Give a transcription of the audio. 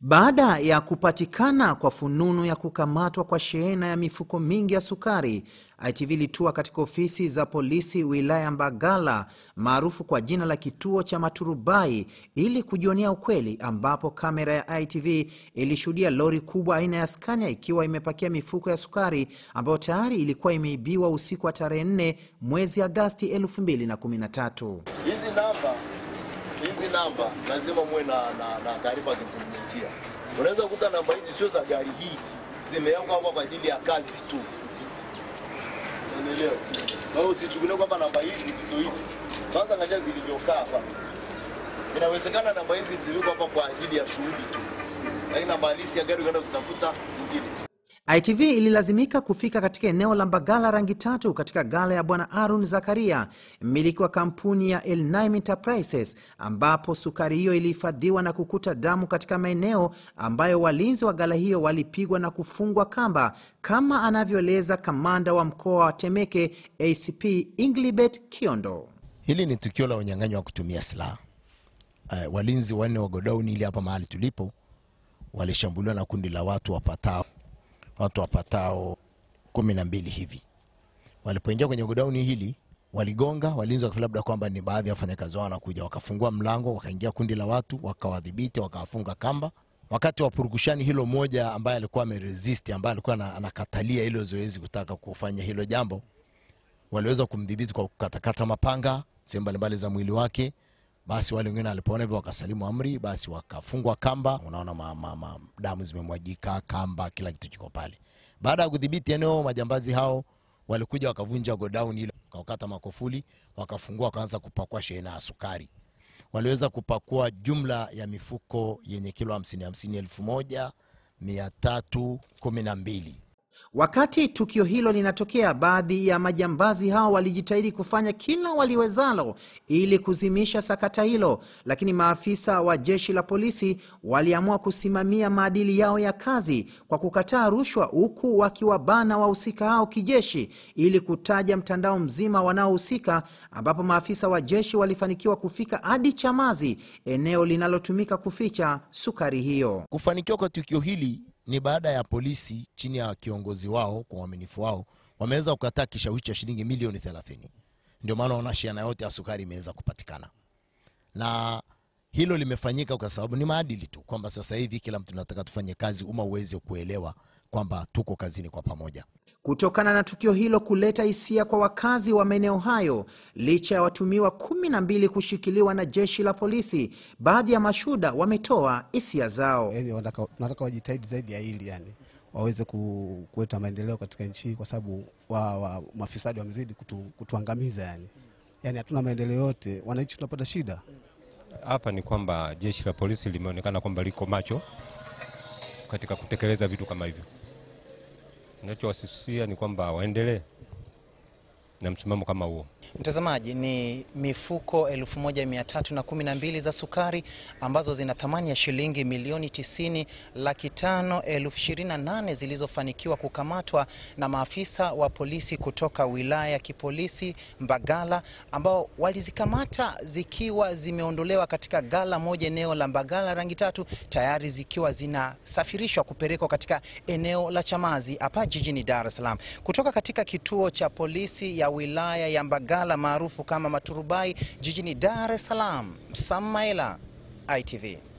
Baada ya kupatikana kwa fununu ya kukamatwa kwa shehena ya mifuko mingi ya sukari, ITV ilitua katika ofisi za polisi wilaya Mbagala maarufu kwa jina la kituo cha Maturubai ili kujionea ukweli, ambapo kamera ya ITV ilishuhudia lori kubwa aina ya Scania ikiwa imepakia mifuko ya sukari ambayo tayari ilikuwa imeibiwa usiku wa tarehe 4 mwezi Agasti 2013 hizi namba lazima muwe na, na, na taarifa akizungumzia. Unaweza kukuta namba hizi sio za gari hii, zimewekwa hapa kwa ajili ya kazi tu, unaelewa? Kwa hiyo usichukulie kwamba namba hizi ndizo hizi. Kwanza ngaja zilivyokaa hapa. Inawezekana namba hizi ziliko hapa kwa ajili ya shughuli tu, lakini namba halisi ya gari ukaenda kutafuta nyingine. ITV ililazimika kufika katika eneo la Mbagala rangi tatu katika gala ya Bwana aron Zakaria, mmiliki wa kampuni ya El Enterprises, ambapo sukari hiyo ilihifadhiwa na kukuta damu katika maeneo ambayo walinzi wa gala hiyo walipigwa na kufungwa kamba, kama anavyoeleza kamanda wa mkoa wa Temeke ACP Inglibet Kiondo. Hili ni tukio la unyang'anyi wa kutumia silaha. Uh, walinzi wanne wa godown ili hapa mahali tulipo walishambuliwa na kundi la watu wapatao watu wapatao kumi na mbili hivi. Walipoingia kwenye godauni hili waligonga walinzi wakafikiri labda kwamba ni baadhi ya wafanyakazi wao wanakuja, wakafungua mlango, wakaingia kundi la watu, wakawadhibiti, wakawafunga kamba. Wakati wa purukushani hilo, moja ambaye alikuwa ameresist, ambaye alikuwa anakatalia hilo zoezi, kutaka kufanya hilo jambo, waliweza kumdhibiti kwa kukatakata mapanga sehemu mbalimbali za mwili wake, basi wale wengine walipoona hivyo wakasalimu amri, basi wakafungwa kamba. Unaona ma, ma, ma, damu zimemwagika, kamba, kila kitu kiko pale. Baada ya kudhibiti eneo, majambazi hao walikuja wakavunja godown ile, wakakata makofuli, wakafungua, wakaanza kupakua shehena ya sukari. Waliweza kupakua jumla ya mifuko yenye kilo hamsini hamsini elfu moja mia tatu kumi na mbili Wakati tukio hilo linatokea, baadhi ya majambazi hao walijitahidi kufanya kila waliwezalo ili kuzimisha sakata hilo, lakini maafisa wa jeshi la polisi waliamua kusimamia maadili yao ya kazi kwa kukataa rushwa, huku wakiwabana wahusika hao kijeshi ili kutaja mtandao mzima wanaohusika, ambapo maafisa wa jeshi walifanikiwa kufika hadi Chamazi, eneo linalotumika kuficha sukari hiyo. Kufanikiwa kwa tukio hili ni baada ya polisi chini ya kiongozi wao kwa uaminifu wao wameweza kukataa kishawishi cha shilingi milioni 30. Ndio maana wanashiana yote ya sukari imeweza kupatikana, na hilo limefanyika kwa sababu ni maadili tu, kwamba sasa hivi kila mtu nataka tufanye kazi, umma uweze kuelewa kwamba tuko kazini kwa pamoja kutokana na tukio hilo kuleta hisia kwa wakazi wa maeneo hayo. Licha ya watumiwa kumi na mbili kushikiliwa na jeshi la polisi, baadhi ya mashuda wametoa hisia zao. Eh, Nataka wajitahidi zaidi ya hili yani waweze kuleta maendeleo katika nchi hii kwa sababu wa, wa, mafisadi wamezidi kutu, kutuangamiza yani. Yani hatuna maendeleo yote, wananchi tunapata shida hapa. Ni kwamba jeshi la polisi limeonekana kwamba liko macho katika kutekeleza vitu kama hivyo. Ninachowasisitiza ni kwamba waendelee na msimamo kama huo. Mtazamaji, ni mifuko 1312 za sukari ambazo zina thamani ya shilingi milioni 90 laki tano zilizofanikiwa kukamatwa na maafisa wa polisi kutoka wilaya ya kipolisi Mbagala ambao walizikamata zikiwa zimeondolewa katika gala moja eneo la Mbagala rangi tatu tayari zikiwa zinasafirishwa kupelekwa katika eneo la Chamazi hapa jijini Dar es Salaam kutoka katika kituo cha polisi ya wilaya ya Mbagala maghala maarufu kama maturubai jijini Dar es Salaam. Samaila, ITV.